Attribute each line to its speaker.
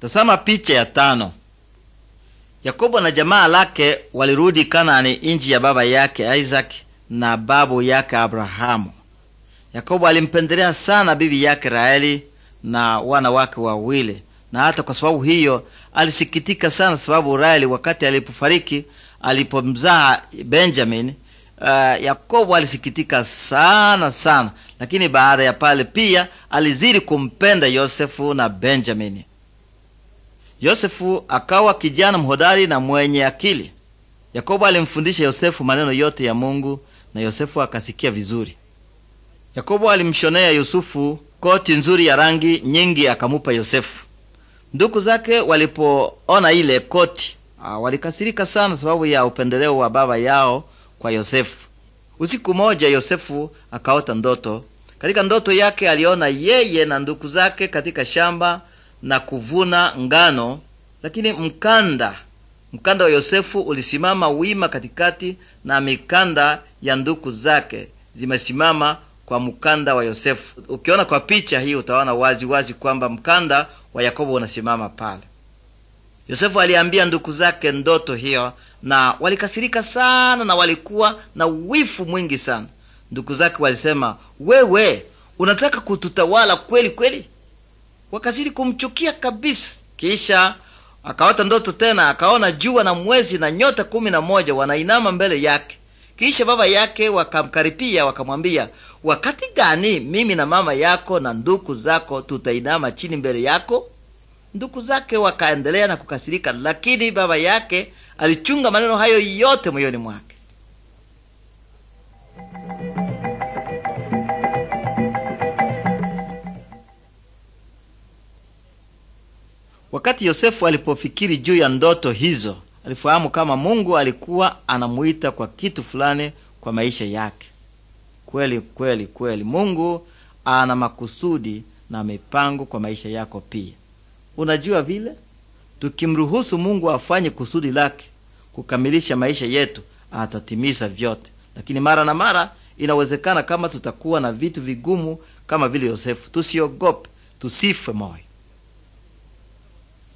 Speaker 1: Tazama picha ya tano. Yakobo na jamaa lake walirudi Kanaani, inji ya baba yake Isaac na babu yake Abrahamu. Yakobo alimpendelea sana bibi yake Raheli na wana wake wawili, na hata kwa sababu hiyo alisikitika sana, sababu Raheli wakati alipofariki alipomzaa Benjamin, uh, Yakobo alisikitika sana sana, lakini baada ya pale pia alizidi kumpenda Yosefu na Benjamini. Yosefu akawa kijana mhodari na mwenye akili. Yakobo alimfundisha Yosefu maneno yote ya Mungu na Yosefu akasikia vizuri. Yakobo alimshonea Yusufu koti nzuri ya rangi nyingi akamupa Yosefu. nduku zake walipoona ile koti ah, walikasirika sana sababu ya upendeleo wa baba yao kwa Yosefu. Usiku moja Yosefu akaota ndoto. Katika ndoto yake aliona yeye na nduku zake katika shamba na kuvuna ngano, lakini mkanda mkanda wa Yosefu ulisimama wima katikati, na mikanda ya nduku zake zimesimama kwa mkanda wa Yosefu. Ukiona kwa picha hii utaona wazi wazi kwamba mkanda wa Yakobo unasimama pale. Yosefu aliambia nduku zake ndoto hiyo, na walikasirika sana na walikuwa na wifu mwingi sana. Nduku zake walisema, wewe unataka kututawala kweli kweli? wakazidi kumchukia kabisa. Kisha akaota ndoto tena, akaona jua na mwezi na nyota kumi na moja wanainama mbele yake. Kisha baba yake wakamkaripia, wakamwambia, wakati gani mimi na mama yako na nduku zako tutainama chini mbele yako? Nduku zake wakaendelea na kukasirika, lakini baba yake alichunga maneno hayo yote moyoni mwake. Wakati Yosefu alipofikiri juu ya ndoto hizo, alifahamu kama Mungu alikuwa anamuita kwa kitu fulani kwa maisha yake. Kweli kweli kweli, Mungu ana makusudi na mipango kwa maisha yako pia. Unajua vile, tukimruhusu Mungu afanye kusudi lake kukamilisha maisha yetu, atatimiza vyote. Lakini mara na mara inawezekana kama tutakuwa na vitu vigumu kama vile Yosefu. Tusiogope, tusife moyo.